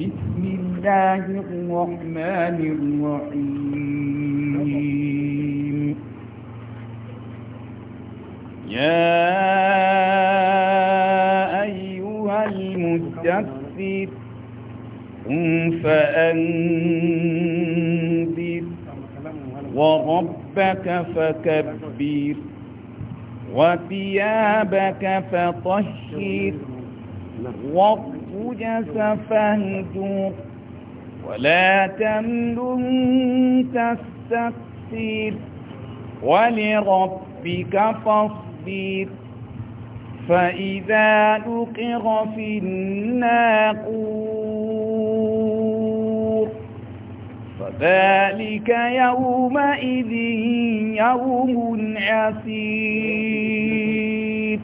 بسم الله الرحمن الرحيم يا أيها المدثر قم فأنذر وربك فكبر وثيابك فطهر واخرج فاهجر ولا تمل تستكثر ولربك فاصبر فإذا نقر في الناقور فذلك يومئذ يوم عسير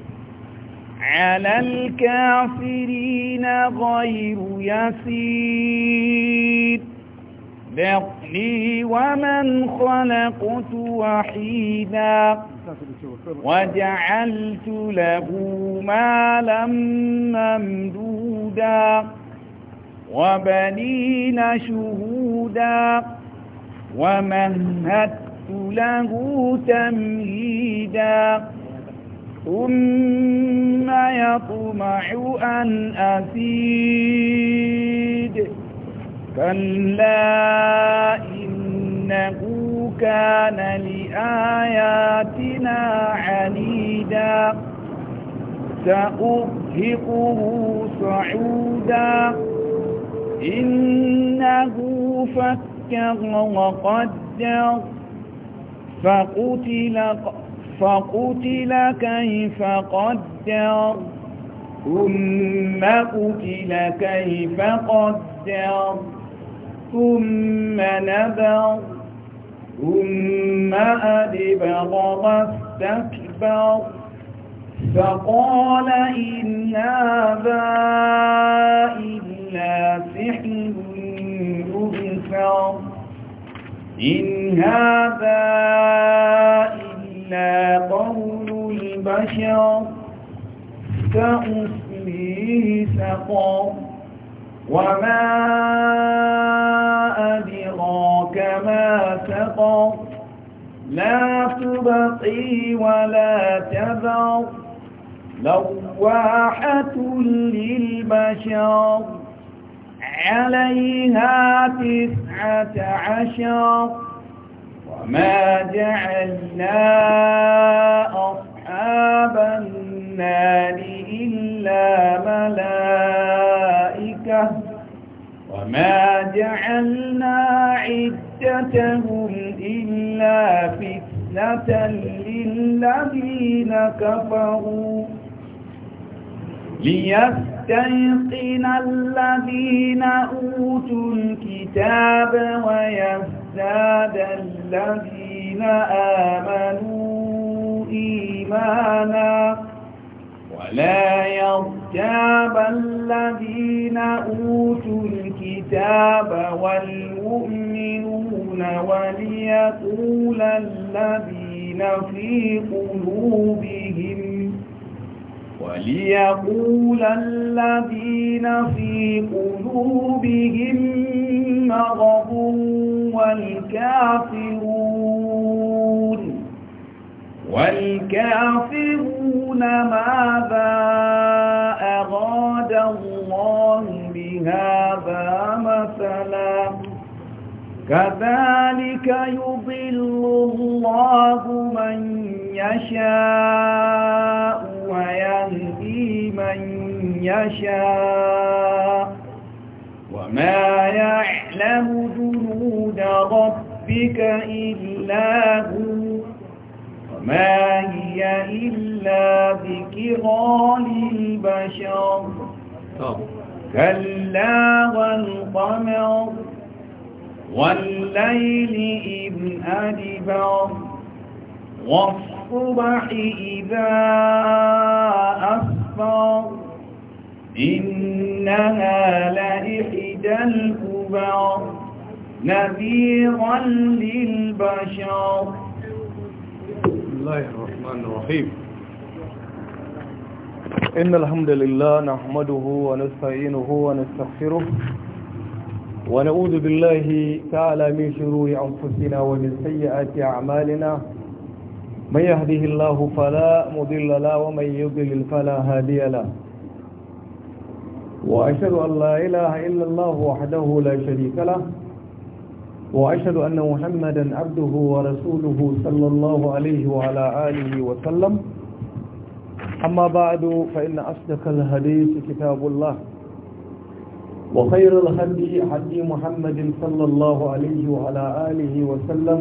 على الكافرين غير يسير ذقني ومن خلقت وحيدا وجعلت له مالا ممدودا وبنين شهودا ومهدت له تمهيدا ثم يطمع أن أزيد كلا إنه كان لآياتنا عنيدا سأرهقه صعودا إنه فكر وقدر فقتل, فقتل كيف قدر ثم قتل كيف قدر ثم نبر ثم أدبر واستكبر فقال إن هذا إلا أبصر إن هذا إلا قول البشر سأصليه سقر وما أدراك ما سقر لا تبقي ولا تذر لواحة للبشر عليها تسعة عشر وما جعلنا أصحاب النار إلا ملائكة وما جعلنا عدتهم إلا فتنة للذين كفروا ليس يستيقن الذين أوتوا الكتاب ويزداد الذين آمنوا إيمانا ولا يرتاب الذين أوتوا الكتاب والمؤمنون وليقول الذين في قلوبهم وليقول الذين في قلوبهم مرض والكافرون والكافرون ماذا أراد الله بهذا مثلا كذلك يضل الله من يشاء ويهدي من يشاء وما يعلم جنود ربك إلا هو وما هي إلا ذكرى للبشر كلا والقمر والليل إذ أدبر الصبح إذا أسفر إنها لإحدى الكبر نذيرا للبشر الله الرحمن الرحيم إن الحمد لله نحمده ونستعينه ونستغفره ونعوذ بالله تعالى من شرور أنفسنا ومن سيئات أعمالنا من يهده الله فلا مضل له ومن يضلل فلا هادي له وأشهد أن لا إله إلا الله وحده لا شريك له وأشهد أن محمدا عبده ورسوله صلى الله عليه وعلى آله وسلم أما بعد فإن أصدق الحديث كتاب الله وخير الهدي هدي محمد صلى الله عليه وعلى آله وسلم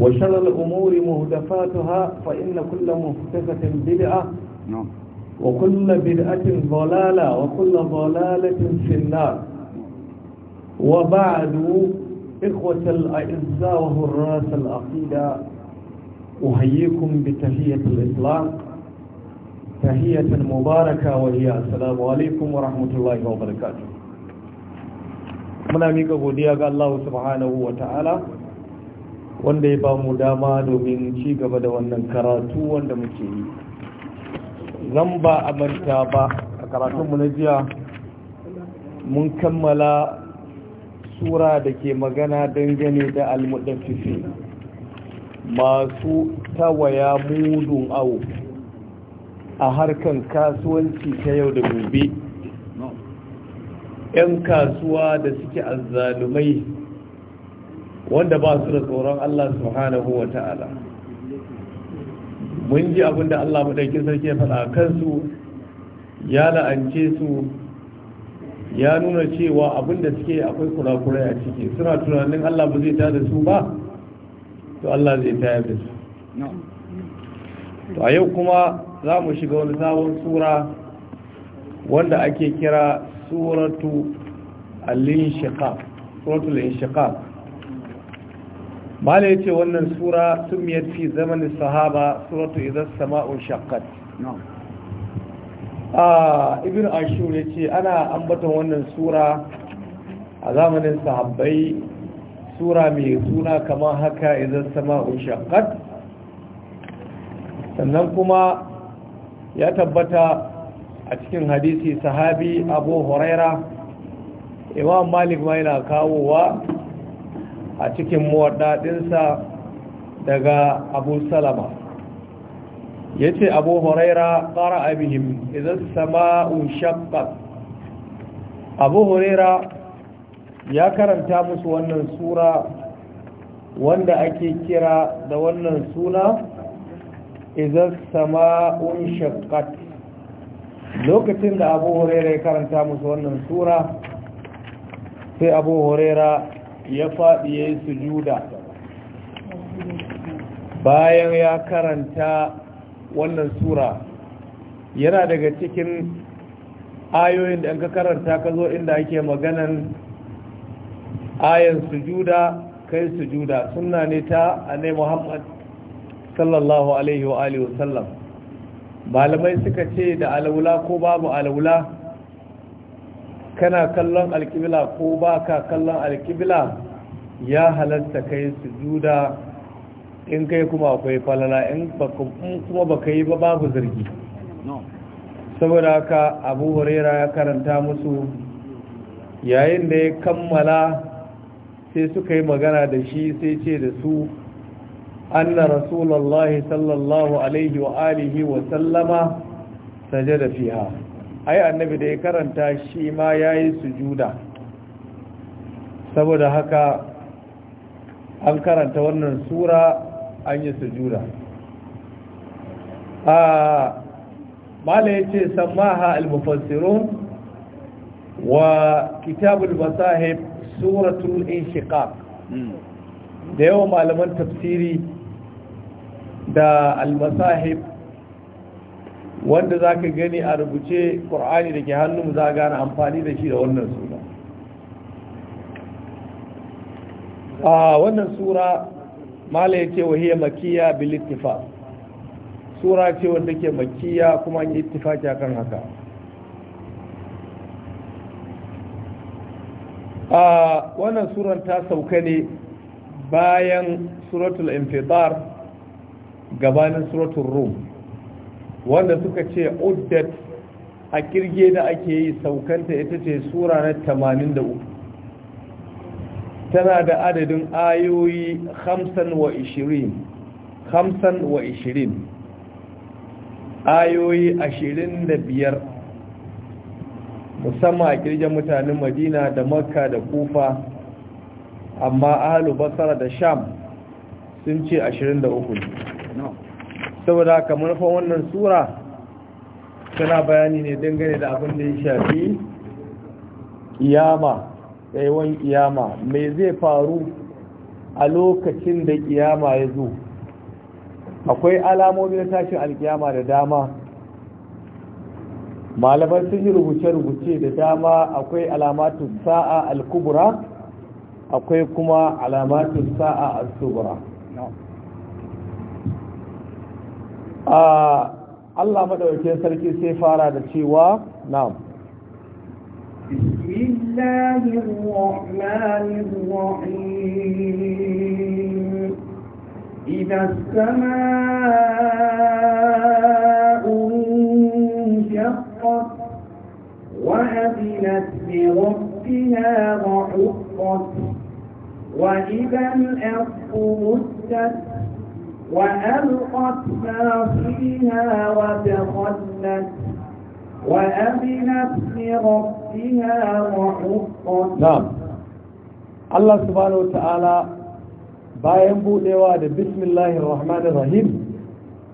وشر الأمور مهدفاتها فإن كل مهدفة بدعة وكل بدعة ضلالة وكل ضلالة في النار وبعد إخوة الأعزاء وهراس العقيدة أحييكم بتحية الإسلام تحية مباركة وهي السلام عليكم ورحمة الله وبركاته muna mika godiya ga Allah subhanahu wa ta'ala wanda ya ba mu dama domin ci gaba da wannan karatu wanda muke yi zan ba a manta ba a karatunmu na jiya mun kammala sura da ke magana dangane da almudafifi masu tawaya mudun awo a harkan kasuwanci ta yau da gobe 'yan kasuwa da suke azzalumai wanda ba su da tsoron Allah subhanahu wa ta'ala mun ji abinda Allah madaukin sarki ya faɗa kansu ya la'ance su ya nuna cewa abinda suke akwai kurakurai a ciki suna tunanin Allah ba zai da su ba to Allah zai ta da su to a yau kuma za mu shiga wani sabon sura wanda ake kira suratu al-inshiqaq inshiqaq mala yace wannan sura sumiyat fi zamanin sahaba suratu idza sama'u shaqqat ah ibn ashur yace ana ambaton wannan sura a zamanin sahabbai sura mai suna kamar haka idza sama'u shaqqat sannan kuma ya tabbata a cikin hadisi sahabi abu huraira imam malik ma yana kawowa a cikin muwaddadinsa daga abu salama ya ce abu huraira ƙara abihim idan sama'un shakkat abu huraira ya karanta musu wannan sura wanda ake kira da wannan suna idan sama'un shakkat lokacin da abu huraira ya karanta musu wannan sura sai abu huraira ya faɗi ya yi sujuda bayan ya karanta wannan sura yana daga cikin ayoyin da an ka karanta ka zo inda ake maganan ayan sujuda kai sujuda sunna ne ta ne muhammad sallallahu alaihi wa sallam. malamai suka ce da alaula ko babu alaula kana kallon alkibila ko ba ka kallon alkibila ya halatta kai sujuda in kai kuma akwai falala in kuma baka yi ba babu zargi saboda haka abu huraira ya karanta musu yayin da ya kammala sai suka yi magana da shi sai ce da su anna rasulallah sallallahu alaihi wa alihi wa sallama da fiha ai annabi da ya karanta shi ma ya yi sujuda saboda haka an karanta wannan sura an yi sujuda a mala ya ce samaha al-mufassirun wa kitabul masahib suratul inshiqaq hmm. da yawan malaman tafsiri da al-masahib wanda za ka gani a rubuce ƙur'ani da ke hannun za a gane amfani da shi da wannan sura a wannan sura mala ya ce wahiyar makiya bilittifa sura ce wanda ke makiya kuma an yi ittifaki akan haka a wannan suran ta sauka ne bayan suratul infidar gabanin suratul rum wanda suka ce uddat a kirge da ake yi saukanta ita ce sura na 83 tana da adadin ayoyi 25 25 ayoyi 25 musamman a kirgen mutanen madina da makka da kufa amma ahalu basara da sham sun ce 23 saboda kamar manufan wannan sura tana bayani ne dangane da abin da ya shafi kiyama tsayuwan kiyama mai zai faru a lokacin da kiyama ya zo akwai alamomi na tashin alkiyama da dama malaman sun yi rubuce-rubuce da dama akwai alamatun sa'a al akwai kuma alamatun sa'a al آه، الله Allah maɗauke sarki sai fara da cewa na'am إِذَا السَّمَاءُ شَقَّتْ وَأَذِنَتْ لِرَبِّهَا وَحُقَّتْ وَإِذَا الْأَرْضُ مُدَّتْ وألقت ما فيها وتخلت وأمنت لربها وحقت نعم الله سبحانه وتعالى bayan budewa da bismillahir rahmanir rahim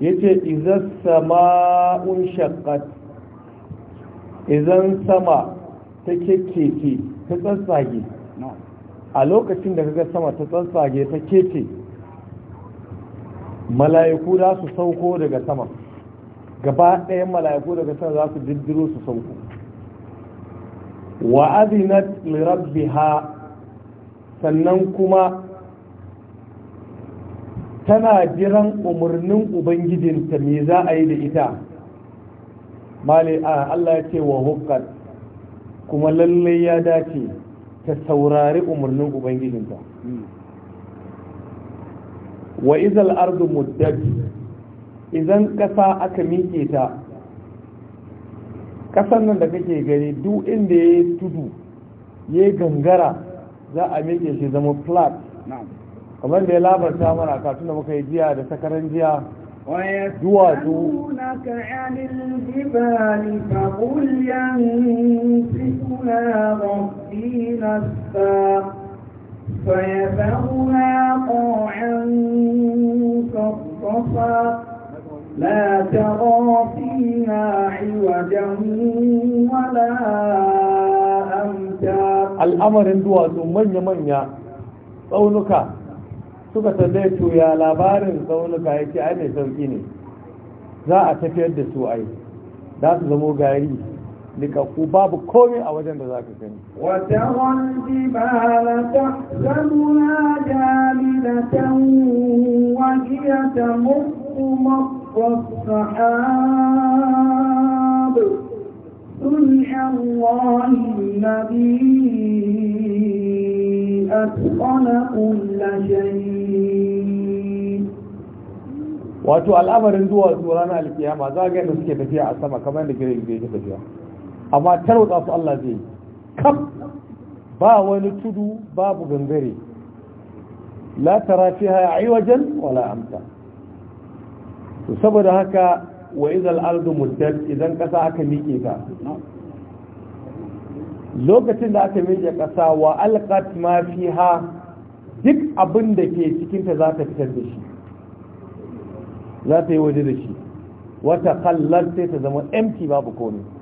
yace izas sama'un shaqqat idan sama ta keke ta tsatsage a lokacin da kaga sama ta tsatsage ta keke mala'iku za su sauko daga sama gaba ɗayan mala'iku daga sama za su diddiro su sauko wa azinat ha sannan kuma tana jiran umarnin ubangijinta me za a yi da ita mali a Allah ya ce wa hukkat kuma lallai ya dace ta saurari umarnin ubangijinta hmm. wa izal ardu muddat idan kasa aka mike ta kasan nan da kake gani duk inda ya tudu ya gangara za a miƙe shi zama flat kamar da ya labarta mana ka tuna muka yi jiya da sakaran jiya duwatsu فيذرها قوعا كالصفا لا ترى فيها عوجا ولا أمتا الأمر من tsaunuka suka tambaye labarin tsaunuka yake ai mai sauki ne za a tafiyar da su ai za su zamo gari Likaku babu komi a wajen da za ka gani wata wanzi ba la ta zanuna jamilatan wajiya ta muku والصحاب سنع الله الذي أتقن كل شيء wato al'amarin zuwa tsoron alkiyama za ga yadda suke tafiya a sama kamar da gire gire ke tafiya amma tarwata su Allah zai kaf ba wani tudu babu gangare la tara fiha aywajan wala amta to saboda haka wa idal ardu muddat idan kasa aka miƙe ta lokacin da aka miƙe kasa wa alqat ma fiha duk abin da ke cikin ta za ta fitar da shi za ta yi waje da shi wata kallar sai ta zama empty babu komai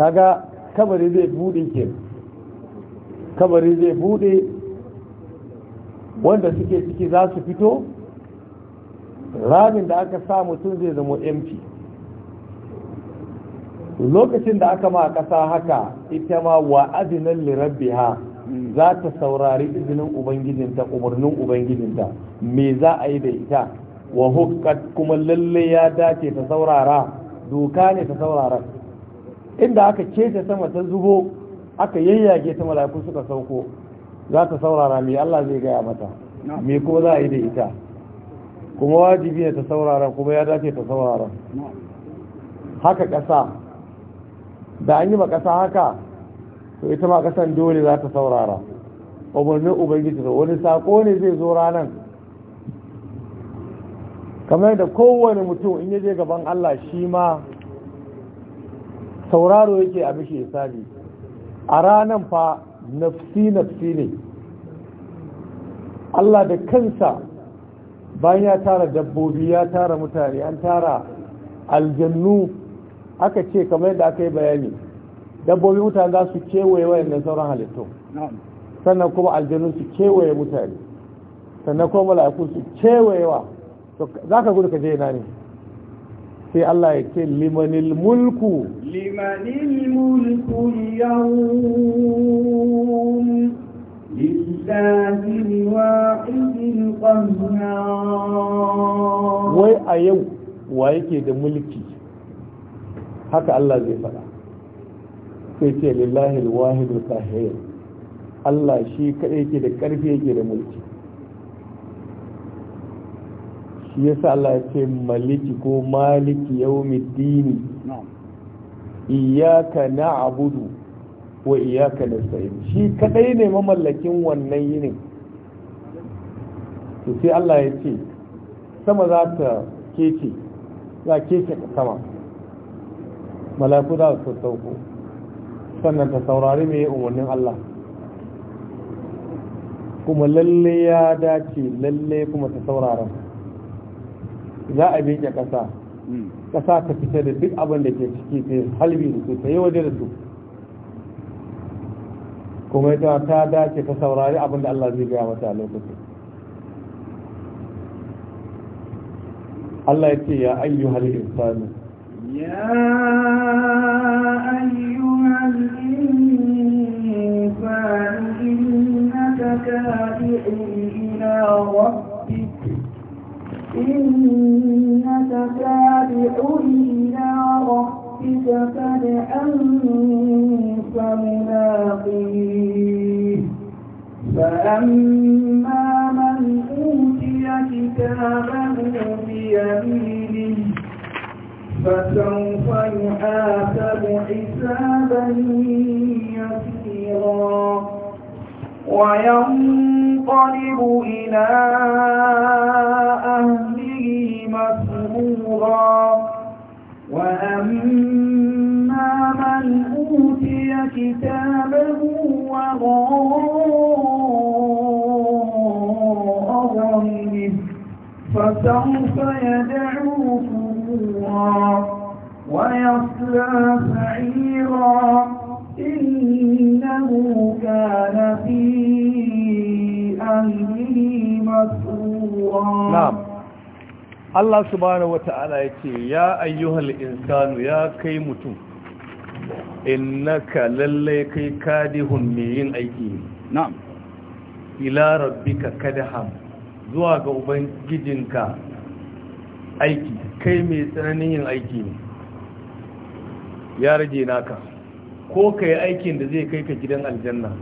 kaga kabari zai bude ke kabari zai bude wanda suke ciki za su fito ramin da aka sa mutum zai zama empty lokacin da aka ma kasa haka ita ma wa adinan ha za ta saurari izinin ubangijinta umarnin ubangijinta me za a yi da ita wa hukkat kuma lalle ya dace ta saurara doka ne ta saurara inda aka kece sama ta zubo aka yayyage ta mala'iku suka sauko za ta saurara mai Allah zai gaya mata me ko za a yi da ita kuma wajibi ne ta saurara kuma ya dace ta saurara haka ƙasa da an yi ba ƙasa haka to ita ma ƙasan dole za ta saurara umarnin ubangiji da wani sako ne zai zo ranar kamar da kowane mutum in yaje gaban Allah shi ma sauraro yake a shi isani a ranan fa nafsi nafsi ne Allah da kansa bayan ya tara dabbobi ya tara mutane an tara aljannu aka ce kamar yadda aka yi bayani dabbobi mutane za su kewaye wayannan sauran halittu sannan kuma aljannu su kewaye mutane sannan kuma mala'iku su kewayewa za ka gudu ka je na ne sai Allah ya ce limanil mulku limanil mulku yawm lillahi wahidil qahhar wai a yau wa yake da mulki haka Allah zai faɗa sai ce lillahi wahidil qahhar Allah shi kadai yake da karfi yake da mulki shi yasa Allah ya ce maliki ko maliki yawmiddini iyyaka na'budu wa iyyaka nasta'in shi kadai ne mamallakin wannan yinin to sai Allah ya ce sama za ta kece za kece sama malaku za su sauko sannan ta saurari mai umarnin Allah kuma lalle ya dace lalle kuma ta saurara za a miƙe ƙasa hmm. ƙasa ta fita da duk abin da ke ciki ta halbi da su ta yi waje da su kuma ita ta dace ta saurari abin da Allah zai gaya mata a lokacin Allah ya ce ya halin insani ya ayyuhal insani innaka kafi'un إنك تابع إلى ربك فدعا فملاقيه فأما من أوتي كتابه بيمينه فسوف يحاسب حسابا يسيرا وينقلب إلى أهله مسرورا وأما من أوتي كتابه وراء ظهره فسوف يدعو ثبورا ويصلى سعيرا Allah subhanahu wata'ala yake ya ayyuhal insanu ya kai mutum innaka lallai kai kadihun mai yin aiki na'am ila rabbika kadaham zuwa ga ubangijinka aiki kai mai tsananin yin aiki ne ya rage naka ko kai aikin da zai kai ka gidan aljanna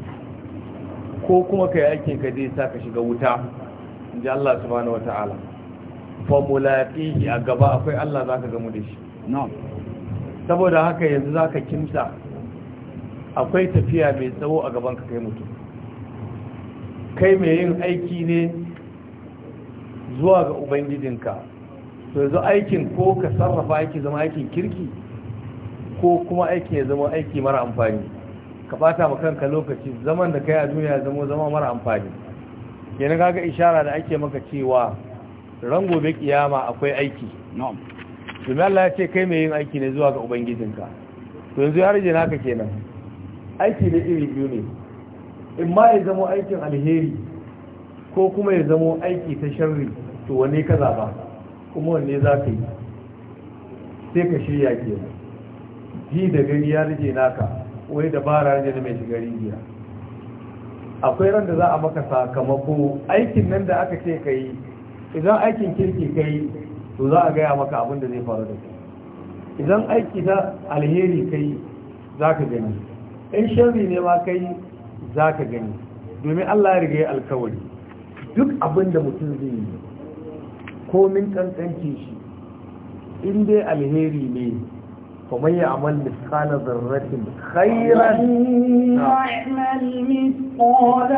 ko kuma kai aikin ka zai sa ka shiga wuta inji Allah subhanahu wata'ala famulaƙihi a gaba akwai Allah za ka gamu da shi saboda haka yanzu za ka kinta, akwai tafiya mai tsawo a gaban ka kai mutum kai mai yin aiki ne zuwa ga ubangijinka to yanzu aikin ko ka sarrafa aiki zama aikin kirki ko kuma aiki ya zama aiki mara amfani ka bata ma kanka lokaci zaman da kai a duniya zama zama mara amfani yana kaga ishara da ake maka cewa ran gobe kiyama akwai aiki domin Allah ya ce kai mai yin aiki ne zuwa ga ubangijinka to yanzu ya rage naka kenan aiki ne iri biyu ne in ma ya zamo aikin alheri ko kuma ya zamo aiki ta sharri to wani ka zaba kuma wanne za ka yi sai ka shirya kenan ji da gani ya rage naka wani dabara rage na mai shiga rijiya akwai ran da za a maka sakamako aikin nan da aka ce ka yi idan aikin kirki kai to za a gaya maka abin da zai faru da kai idan aiki na alheri kai za ka gani in shari ne ma kai za ka gani domin Allah ya riga alkawari duk abin da mutum zai yi komin kankanci shi in dai alheri ne ومن يعمل مثقال ذرة خيرا يعمل مثقال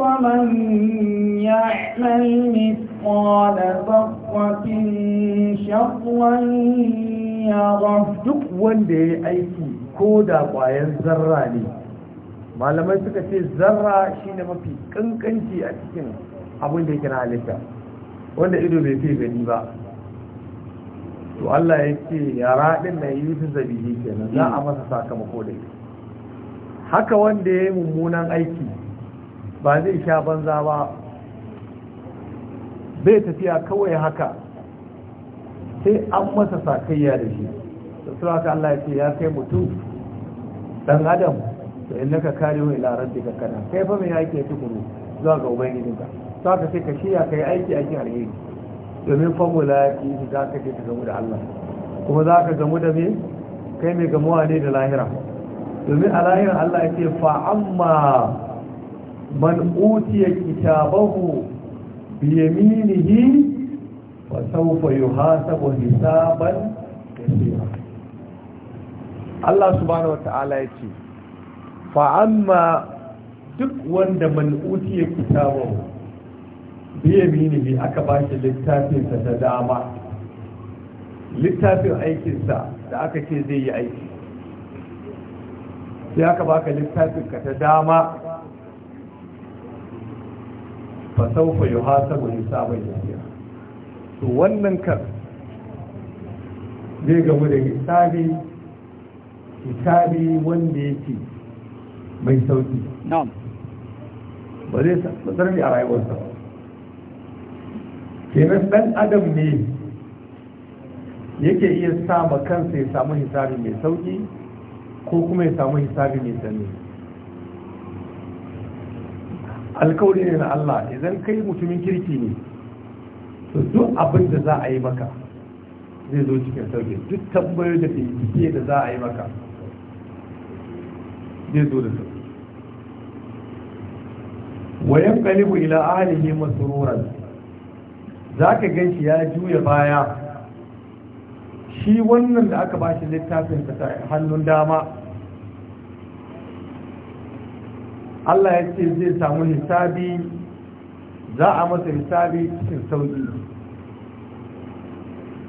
ومن يعمل مثقال ذرة شرا يره duk wanda ya yi aiki ko da ƙwayar zarra ne malamai suka ce zarra shine mafi ƙanƙanci a cikin abin da ya na halitta wanda ido bai fi gani ba to Allah ya ce yara din na yi su zabihi kenan za a masa sakamako da ita haka wanda ya yi mummunan aiki ba zai sha banza ba bai tafiya kawai haka sai an masa sakayya da shi su haka Allah ya ce ya kai mutu, ɗan adam da in naka karewa larar daga kana, kai fa mai yake tukuru zuwa ga ubangijinka za ka sai ka shirya ka yi aiki aikin alheri domin famula ya fi za ka ce ka gamu da Allah kuma za ka gamu da mai kai mai gamuwa ne da lahira domin a lahira Allah ya ce fa'amma man utiya kitabahu bi yaminihi wa sawfa yuhasabu hisaban kaseera Allah subhanahu wa ta'ala ya ce fa'amma duk wanda man utiya kitabahu biye mini aka ba shi littafinsa ta dama littafin aikinsa da aka ce zai yi aiki sai aka baka littafinka ta dama fasaufa yi hasabu sabon yasiya to wannan kan zai gamu da hisabi hisabi wanda yake mai sauki ba zai tsarni a rayuwarsa ba kenan dan adam ne yake iya sama kansa ya samu hisabi mai sauki ko kuma ya samu hisabi mai sani alkawari ne na Allah idan kai mutumin kirki ne to duk abin da za a yi maka zai zo cikin sauki duk tambayar da fiye da za a yi maka zai zo da sauki wayan kalibu ila alihi masururan za ka gan shi ya juya baya shi wannan da aka ba shi littafin hannun dama Allah ya ce zai samu hisabi za a masa hisabi cikin sauƙi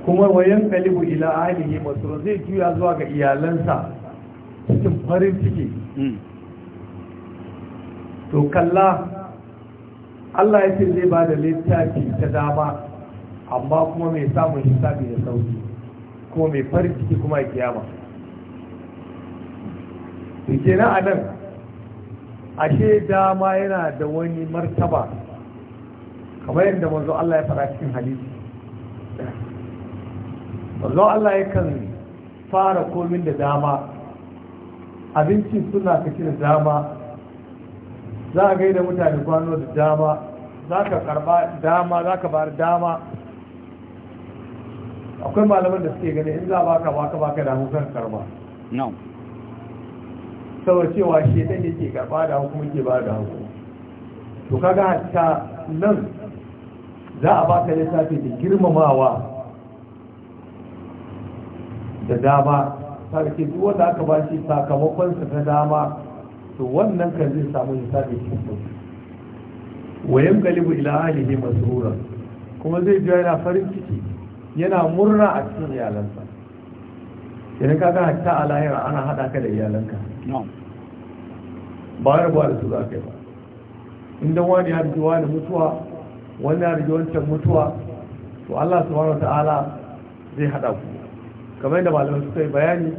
kuma wayan kalibu ila ahlihi masu zai juya zuwa ga iyalansa cikin farin ciki hmm. to kalla Allah ya ce zai ba da littafi ta dama amma kuma mai samun hisabi da sauki kuma mai farin ciki kuma ya kiyama na a nan ashe dama yana da wani martaba kamar yadda manzo Allah ya fara cikin hadisi manzo Allah ya kan fara komin da dama Abincin suna kashi da dama za a gaida mutane kwano da dama za ka karba dama za ka bari dama akwai malaman da suke gani in za ba ka baka baka da hukun karba saboda cewa shi ɗan yake karba da hukum ke ba da hukum to kaga hatta nan za a baka safi da girmamawa da dama sarki duk wanda aka ba shi sakamakonsa ta dama to wannan kan zai samu hisabi cikin sauki wa galibu ila alihi masrura kuma zai ji yana farin ciki yana murna a cikin iyalansa idan ka ga hatta a lahira ana hada ka da iyalanka ba ba da su za ka yi ba inda wani ya rigi wani mutuwa wani ya rigi wancan mutuwa to Allah subhanahu wa ta'ala zai hada ku kamar yadda malamai suka yi bayani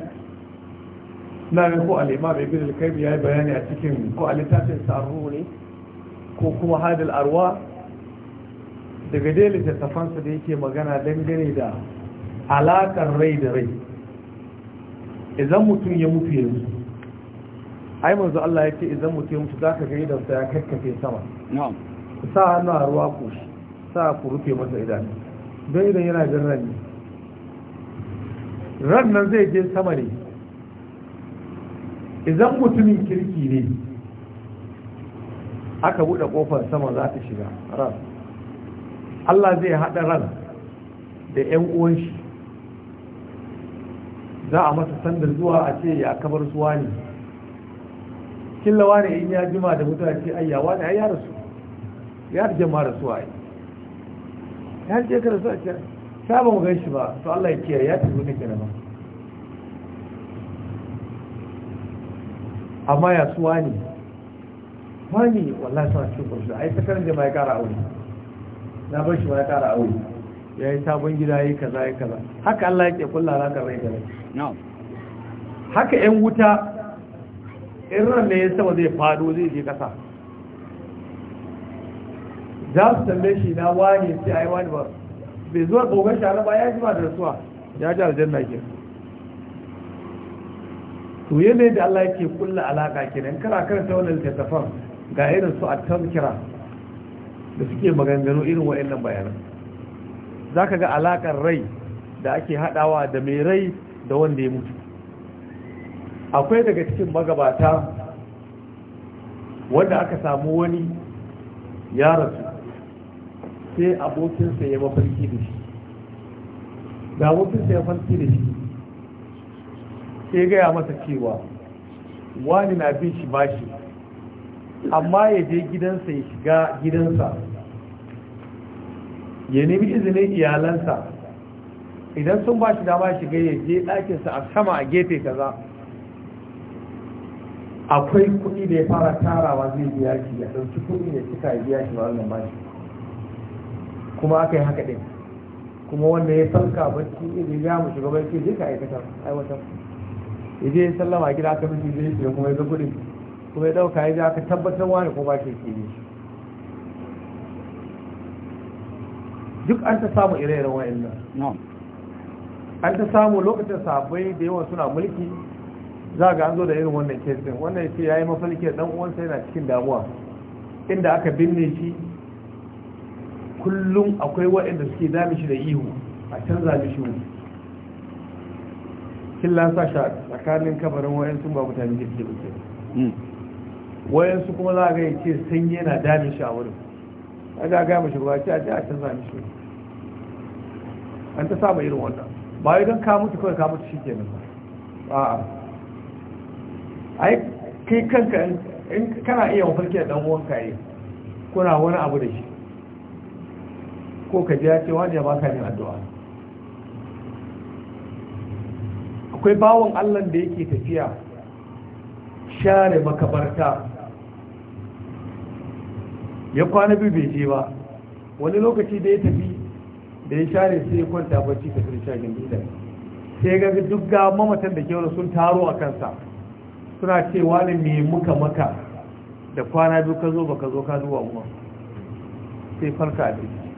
na ga ko alima bai bin alkaibi ya yi bayani a cikin ko a saru ne ko kuma hadil arwa daga dai littattafansa da yake magana dangane da alakar rai da rai idan mutum ya mutu ya mutu ai manzo Allah ya ce idan mutum ya mutu za ka ga da ya kakkafe sama sa hannu a ruwa ku sa ku rufe masa idanu don idan yana jin ran Rannan ran nan zai je sama ne idan mutumin kirki ne aka buɗe ƙofar sama za ta shiga ran Allah zai haɗa ran da 'yan uwan shi za a masa sandar zuwa a ce ya kamar suwa ne killawa ne in ya jima da mutane ce ayyawa ne ai ya rasu ya rage ma rasuwa ai ya rage ka rasuwa ce ta ba mu gan shi ba to Allah ya kiyaye ya tafi wani ba amma ya suwa ne wani wallahi suna cikin kurshi ai sakarin da ma ya kara aure na ban shi ma ya kara aure ya yi sabon gida ya yi kaza ya kaza haka Allah yake kulla ranar rai da rai haka yan wuta irin ne ya sama zai fado zai je kasa za su tambaye shi na wani sai ai wani ba bai zuwa gogon shara ba ya ji ba da rasuwa ya ji aljanna kenan to ne da Allah yake kulla alaka kenan kana karanta wannan littattafan ga irin su at-tazkira da suke maganganu irin wayannan bayanan zaka ga alakar rai da ake hadawa da mai rai da wanda ya mutu akwai daga cikin magabata wanda aka samu wani ya rasu sai abokinsa ya mafarki da shi da abokinsa ya da shi sai gaya masa cewa wani na bin shi bashi amma ya je gidansa ya shiga gidansa ya nemi izinin iyalansa idan sun ba shi dama shiga ya je ɗakinsa a sama a gefe kaza akwai kuɗi da ya fara tarawa zai biya shi ya ɗauki kuɗi da cika ya biya shi wannan ba shi kuma aka yi haka ɗin kuma wanda ya farka bacci ya mu shiga bacci zai ka aikata aiwatar ya sallama gida aka mishi zai shi kuma ya ga kuma ya dauka ya je aka tabbatar wani ko ba shi ke ne duk an ta samu ire-iren wa'in nan an ta samu lokacin sabai da yawan suna mulki za ga an zo da irin wannan kesin wannan ya ce ya yi mafalki dan uwansa yana cikin damuwa inda aka binne shi kullum akwai waɗanda suke dami shi da ihu a canza mishi wani killa sa shi tsakanin kabarin wayan sun ba mutane da ke buke hmm. wayansu kuma za a ga ce sanyi yana damin shi a wurin a ga gaya mashi ruwa ce a ce a canza mishi an ta samu irin wannan ba don ka mutu kawai ka mutu shi nan ba ai kai kanka in kana iya mafarki da ɗan yi kuna wani abu da shi ko ka ji ya ce wani ya baka yin addu'a akwai bawon allah da yake tafiya share makabarta ya kwana biyu bai je ba wani lokaci da ya tafi da ya share sai ya kwanta bacci kafin shagin gidan sai ga duk ga mamatan da kyau sun taro a kansa suna cewa ne me muka maka da kwana biyu ka zo ba ka zo ka zuwa mu sai farka a ciki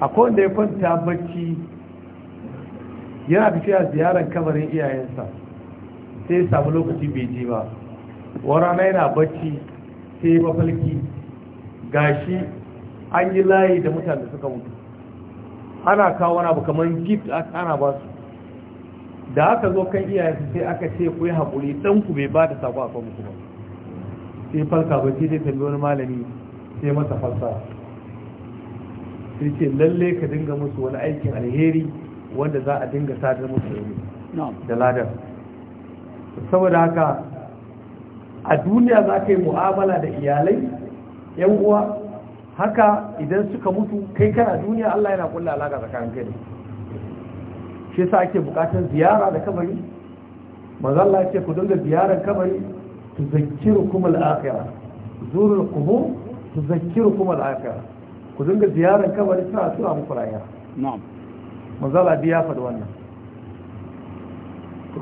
akwai wanda ya kwanta bacci yana tafiya ziyarar kabarin iyayensa sai ya samu lokaci bai je ba warana yana bacci sai mafalki gashi an yi layi da mutane suka mutu ana kawo wani abu kamar gift ana ba su da aka zo kan iyayensa sai aka ce ku yi haƙuri ɗanku bai ba da sako a kan ba sai falka bacci sai tambayi wani malami sai masa falsa sai ce lalle ka dinga musu wani aikin alheri wanda za a dinga sadar musu da ladar saboda haka a duniya za ka yi mu'amala da iyalai yan uwa haka idan suka mutu kai kana duniya Allah yana kulla alaka tsakanin kai ne shi sa ake bukatar ziyara da kabari manzo Allah ku dinga ziyarar kabari tuzakkirukum al-akhirah zurul su tuzakkirukum rukumar akira ku dinga ziyarar kabari suna tura muku rayuwa manzala biya faɗi wannan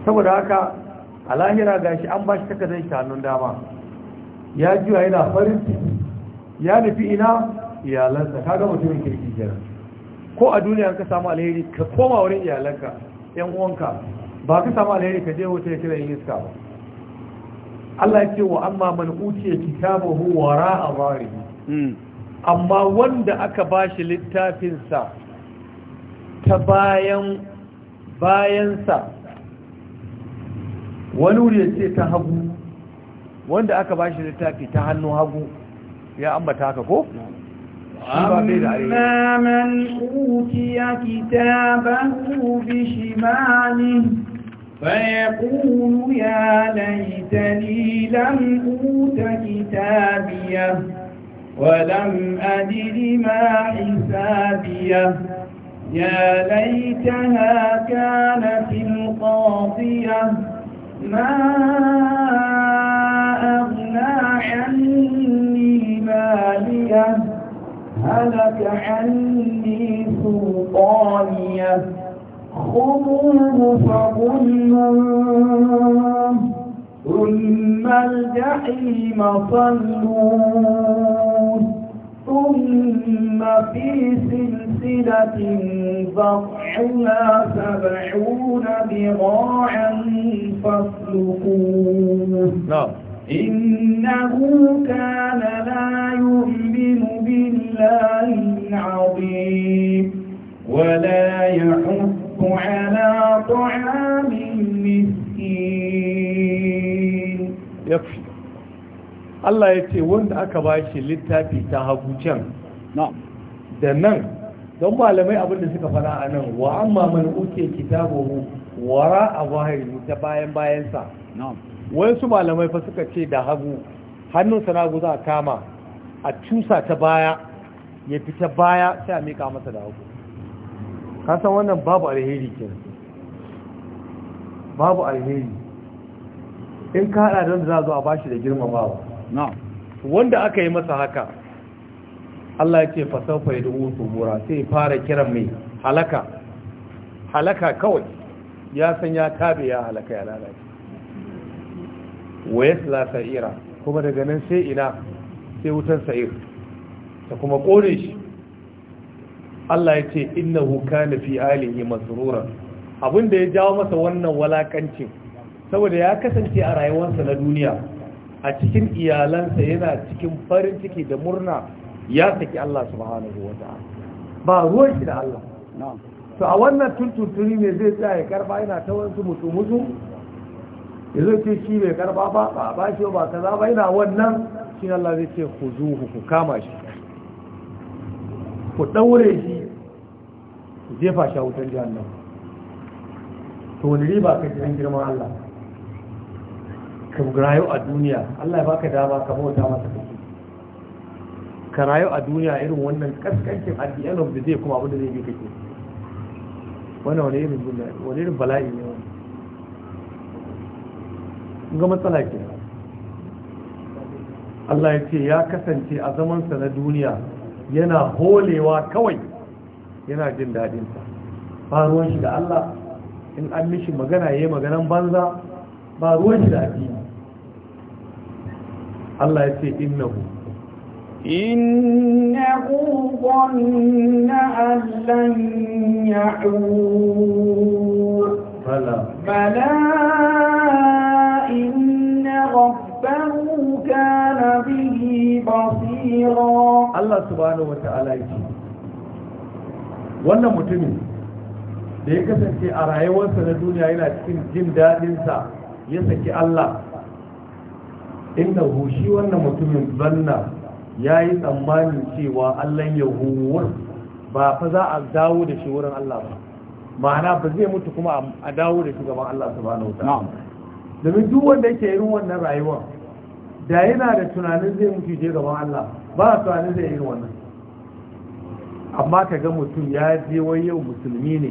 saboda haka a lahira gashi an ba shi takardar shi hannun dama ya juya yana farin ya nufi ina iyalansa ka ga mutumin kirki jira ko a duniya ka samu alheri ka koma wurin iyalanka yan uwanka ba ka samu alheri ka je wuce kira yin iska ba Allah ya ce wa amma man utiya kitabahu wara a zahiri hmm. amma wanda aka bashi littafinsa ta bayan bayansa wani wuri ce ta hagu wanda aka ba shi littafi ta hannu hagu ya ambata haka ko? amman kuki ya kita bangubi shi mani baya kunu ya laita nilan kuta kita biya wadanda ma isa biya يا ليتها كانت القاضية ما أغنى عني مالية هلك عني سلطانية خذوه فغلوه ثم الجحيم صلوه ثم في سلسلة ضرحها سبعون ذراعا فاسلكوه نعم إنه كان لا يؤمن بالله العظيم ولا يحب على طعام المسكين يكفي Allah ya ce wanda aka ba shi littafi ta hagu can da nan don malamai abinda suka fara a nan wa amma mana uke kitabahu wara a zahiri ta bayan bayansa su malamai fa suka ce da hagu hannunsa na hagu za a kama a cusa ta baya ya fi ta baya sai a mika masa da hagu kasan wannan babu alheri ke babu alheri in ka haɗa don za a zo a bashi da girmamawa wanda aka yi masa haka Allah ya ce fasaufa ya dubu subura sai fara kiran mai halaka halaka kawai ya san ya tabe ya halaka ya lalace wa yasla sa'ira kuma daga nan sai ina sai wutan sa'ir ta kuma kone shi Allah ya ce innahu kana fi alihi masrura abinda ya jawo masa wannan walakancin saboda ya kasance a rayuwarsa na duniya a cikin iyalansa yana cikin farin ciki da murna ya saki Allah subhanahu wa ta'ala ba ruwan shi da Allah to a wannan tuntuntuni ne zai tsaya ya karba yana ta wasu mutu mutu ya zo ce shi bai karba ba ba ba shi ba kaza ba yana wannan shi Allah zai ce ku zu ku kama shi ku daure shi ku jefa shi a wutar jihannan to wani riba kai ji an girman Allah ka rayu a duniya Allah ya baka dama ka bauta masa kake ka rayu a duniya irin wannan kaskancin addinin da zai kuma abin da zai bi kake wannan wani irin wani irin bala'i ne wani ga matsala ke Allah ya ce ya kasance a zamansa na duniya yana holewa kawai yana jin daɗinsa ba ruwan shi da Allah in an mishi magana ya yi maganan banza ba ruwan shi da addini Allah ya ce innahu innahu qanna allan ya'ud bala bala inna rabbahu kana bihi basira Allah subhanahu wata'ala yake wannan mutumin da ya kasance a rayuwarsa na duniya yana cikin jin daɗinsa ya saki Allah inda shi wannan mutumin zanna ya yi tsammanin cewa allon yahuwar ba fa za a dawo da shi wurin allah ba ma'ana ba zai mutu kuma a dawo da shi gaban allah su na wuta. domin duk wanda yake irin wannan rayuwa da yana da tunanin zai mutu je gaban allah ba a tunanin zai irin wannan amma ka ga mutum ya je wai yau musulmi ne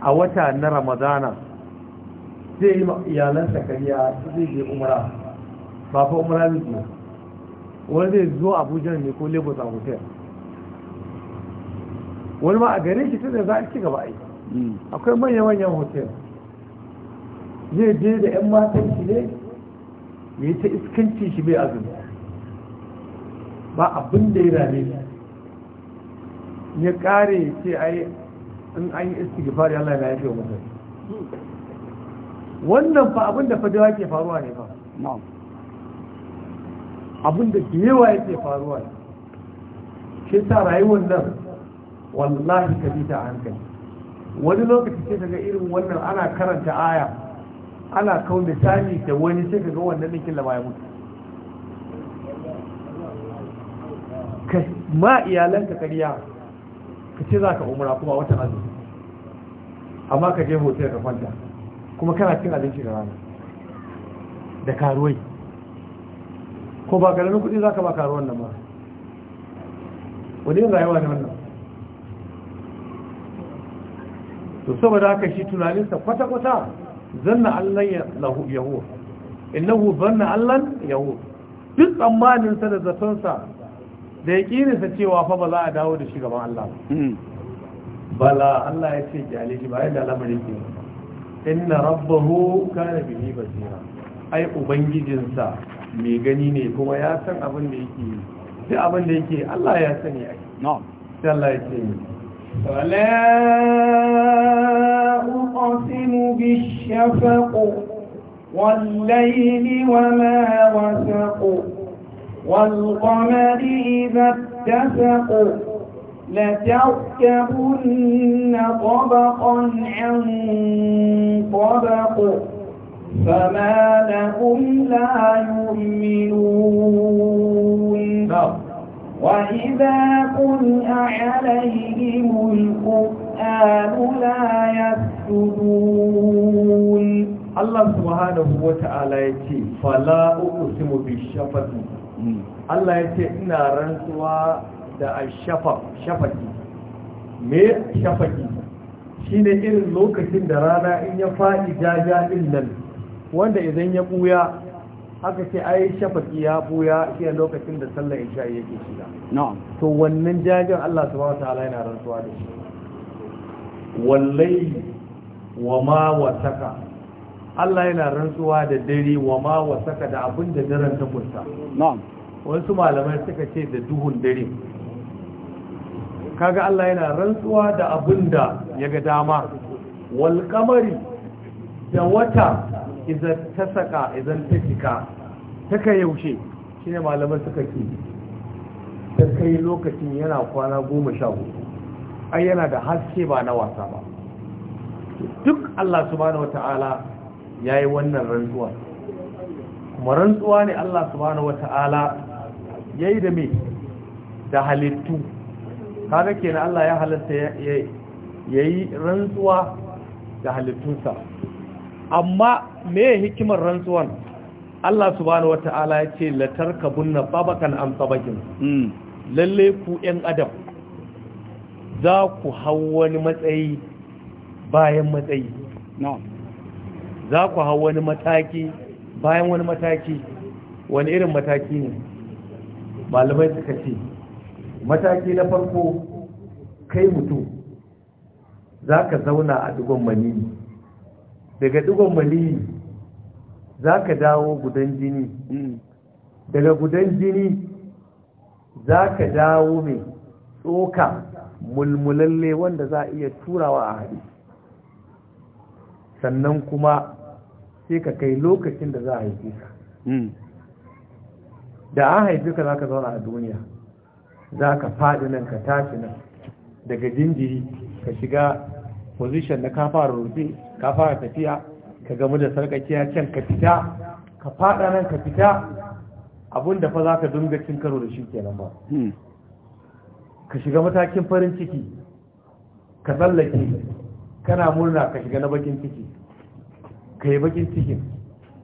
a wata na ramadana zai yi iyalansa kariya zai je umara ba fa umra zai wani zai zo abuja ne ko lagos a hotel wani ma a gare shi da za a ci gaba aiki hmm. akwai manya-manyan hotel zai je da 'yan matan shi ne yi ta iskanci shi bai azumi ba abin da ya rame ya kare ce yi in an yi istighfar Allah ya yafe wa mutum hmm. wannan fa abin da fadewa ke faruwa ne fa abin da yawa yake faruwa shi ta rayuwar nan wallahi ka bi ta hankali wani lokaci sai kaga irin wannan ana karanta aya ana kawo misali da wani sai kaga wannan nikin da bayan mutu ka ma iyalan ka kariya ka ce za ka umara kuma wata azu amma ka je hotel ka kwanta kuma kana cin abinci da rana da karuwai ko ba karamin kuɗi za ka ba karuwan nan ba wani yin rayuwa ne wannan to saboda haka shi tunaninsa kwata-kwata zanna allan yahu innahu zanna allan yahu duk tsammaninsa da zatonsa da ya ƙirinsa cewa fa ba za a dawo da shi gaban allah hmm. bala allah ya ce kyale shi ba yadda lamarin ke inna rabbahu kana bihi basira ai ubangijinsa mai gani ne kuma ya san abin da yake yi duk abin da yake Allah ya sani ai na'am Allah ya ce wala uqsimu bishafaq والليل وما وسق والقمر إذا اتسق لتركبن طبقا عن طبق فما لهم لا يؤمنون وإذا قلنا عليهم القرآن لا يسجدون Allah subhanahu wa ta'ala ya ce fala uqsimu bi shafaqi hmm. Allah ya ce ina rantsuwa da ashafaq shafaqi me Shi ne irin lokacin da rana in ya faɗi jaja din nan wanda idan ya buya aka ce ai shafaki ya buya shi a lokacin da sallar isha yake shiga to wannan jajin Allah subhanahu wataala yana rantsuwa da shi wallahi wa ma wasaka Allah yana rantsuwa da dare wa ma wasaka da abin da daren ta kunta na'am wasu malamai suka ce da duhun dare kaga Allah yana rantsuwa da abin da ya ga dama wal kamari da wata idan ta saka izan ta cika ta ka yaushe shi ne malaman suka ke ta kai lokacin yana kwana goma sha hudu ai yana da haske ba na wasa ba duk Allah subhanahu wata'ala ya yi wannan rantsuwa kuma rantsuwa ne Allah subhanahu wata'ala ya yi da me da halittu ke kenan Allah ya halitta ya yi rantsuwa da halittunsa amma me hikimar rantsuwan Allah subhanahu wata'ala ya ce latarkabunna babakan am sabakin hmm. lalle ku yan adam za ku hau wani matsayi bayan matsayi za ku hau wani mataki bayan wani mataki wani irin mataki ne malamai suka ce mataki na farko kai mutu. za ka zauna a dugon manini daga digon maniyi za ka dawo gudan jini mm. daga gudan jini za ka dawo mai tsoka mulmulalle wanda za a iya turawa a haɗe sannan kuma sai ka kai lokacin da za a haifi ka mm. da an haifi ka za ka zauna a duniya za ka faɗi nan ka tashi nan daga jinjiri ka shiga position na kafar rufe ka fara tafiya ka gamu da ya can ka fita ka fada nan ka fita abinda fa za ka dunga cin karo da shi kenan ba hmm. ka shiga matakin farin ciki ka tsallake kana murna ka shiga na bakin ciki ka yi bakin cikin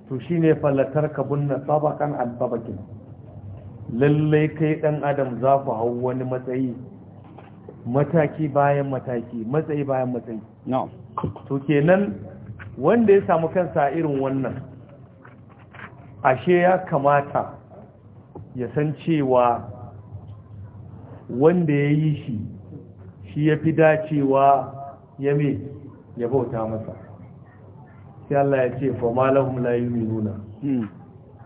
to shi ne fallatar ka bunna sabakan albabakin lallai kai dan adam za ku hau wani matsayi mataki bayan mataki matsayi bayan matsayi to kenan wanda ya samu kansa irin wannan ashe ya kamata ya san cewa wanda ya yi shi shi ya fi dacewa ya me ya bauta masa sai Allah ya ce fa malahum la yu'minuna hmm.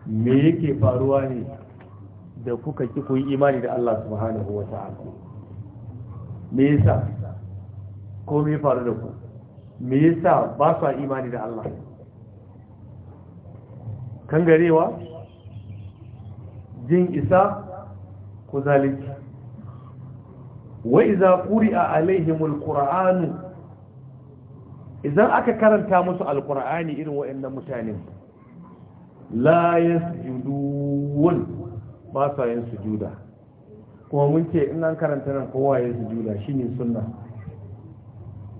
me yake faruwa ne da kuka ki imani da Allah subhanahu wata'ala me yasa ko me faru da ku me yasa ba a imani da Allah kangarewa jin isa ko zalici wa iza quri'a alaihimul qur'anu idan aka karanta musu alqur'ani irin wayannan mutane. la yasjudun ba sa yin sujuda kuma mun ce in an karanta nan kowa ya sujuda shine sunna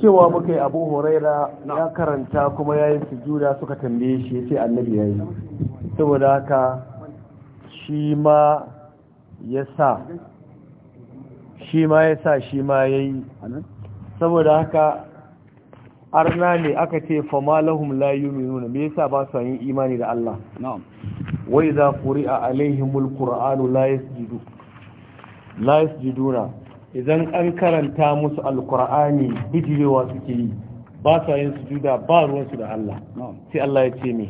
cewa muka yi abu huraira ya karanta kuma ya yi sujuda suka tambaye shi ya ce annabi ya yi saboda haka shi ma ya sa shi ma ya sa shi ma ya yi saboda haka arna ne aka ce fama lahum mai nuna me yasa ba su yi imani da Allah wai za kuri a alaihimul kuranu la su la yasjuduna idan an karanta musu alkur'ani bijirewa suke yi ba sa yin sujuda ba ruwansu da Allah sai Allah ya ce ne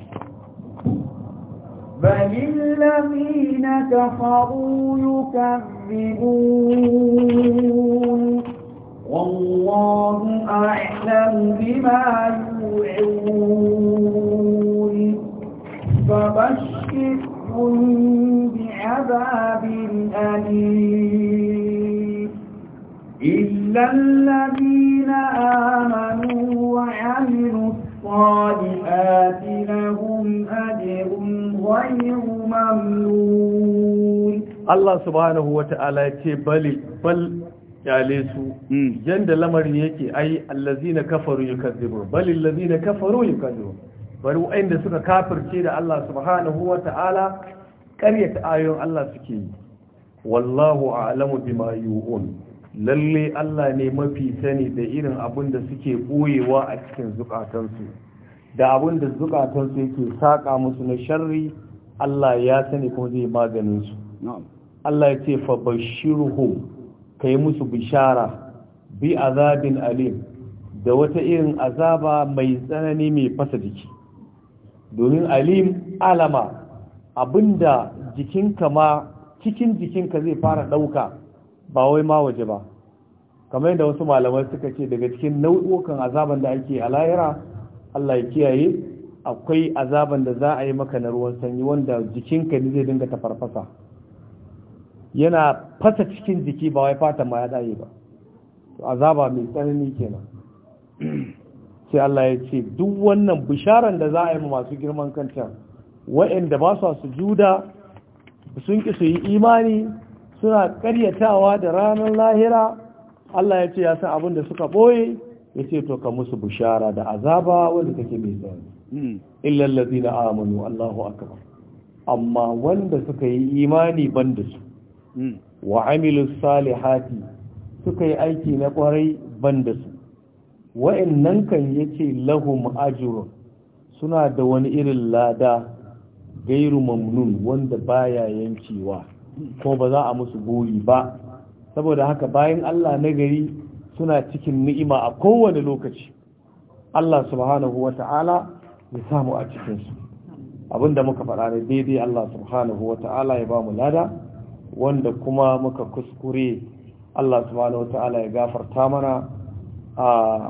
بل الذين كفروا يكذبون فبشرهم بعذاب أليم إلا الذين آمنوا وعملوا الصالحات لهم أجر غير ممنون الله سبحانه وتعالى بل بل kyale su hmm. yanda lamarin yake ai allazina kafaru yukazzibu bal allazina kafaru yukazzibu bari wanda suka kafirce da Allah subhanahu wataala ƙaryata ayoyin Allah suke yi wallahu a'lamu bima yu'un lalle Allah ne mafi sani da irin abin da suke ɓoyewa a cikin zukatansu da abin da zukatansu yake saƙa musu na sharri Allah ya sani kuma zai maganin su Allah ya ce fa bashiruhu kai musu bishara bi azabin alim da wata irin azaba mai tsanani mai fasa jiki domin alim alama abinda jikinka ma cikin jikinka zai fara ɗauka ba wai ma waje ba kamar yadda wasu malamai suka ce daga cikin nau'ukan azaban da ake a lahira Allah ya kiyaye akwai azaban da za a yi maka na ruwan sanyi wanda jikinka ne zai dinga tafarfasa yana fasa cikin jiki ba wai fata ma ya daye ba azaba mai tsanani kenan sai Allah ya ce duk wannan bisharan da za a yi masu girman kanta wa'anda ba su sujuda sun ki su yi imani suna karyatawa da ranar lahira Allah ya ce ya san abin da suka boye ya ce to ka musu bishara da azaba wanda take mai tsari hmm. illal ladina amanu Allahu akbar amma wanda suka yi imani banda su hmm. wa amilus salihati suka yi aiki na kwarai banda su wa'annan kan yace lahum ajrun suna da wani irin lada gairu mamnun wanda baya yankewa ko ba za a musu goyi ba saboda haka bayan Allah na gari suna cikin ni'ima a kowane lokaci Allah subhanahu wa ta'ala ya samu a cikinsu abinda muka faɗa ne daidai Allah subhanahu wa ta'ala ya ba mu lada wanda kuma muka kuskure Allah subhanahu wa ta'ala ya gafarta mana a ah,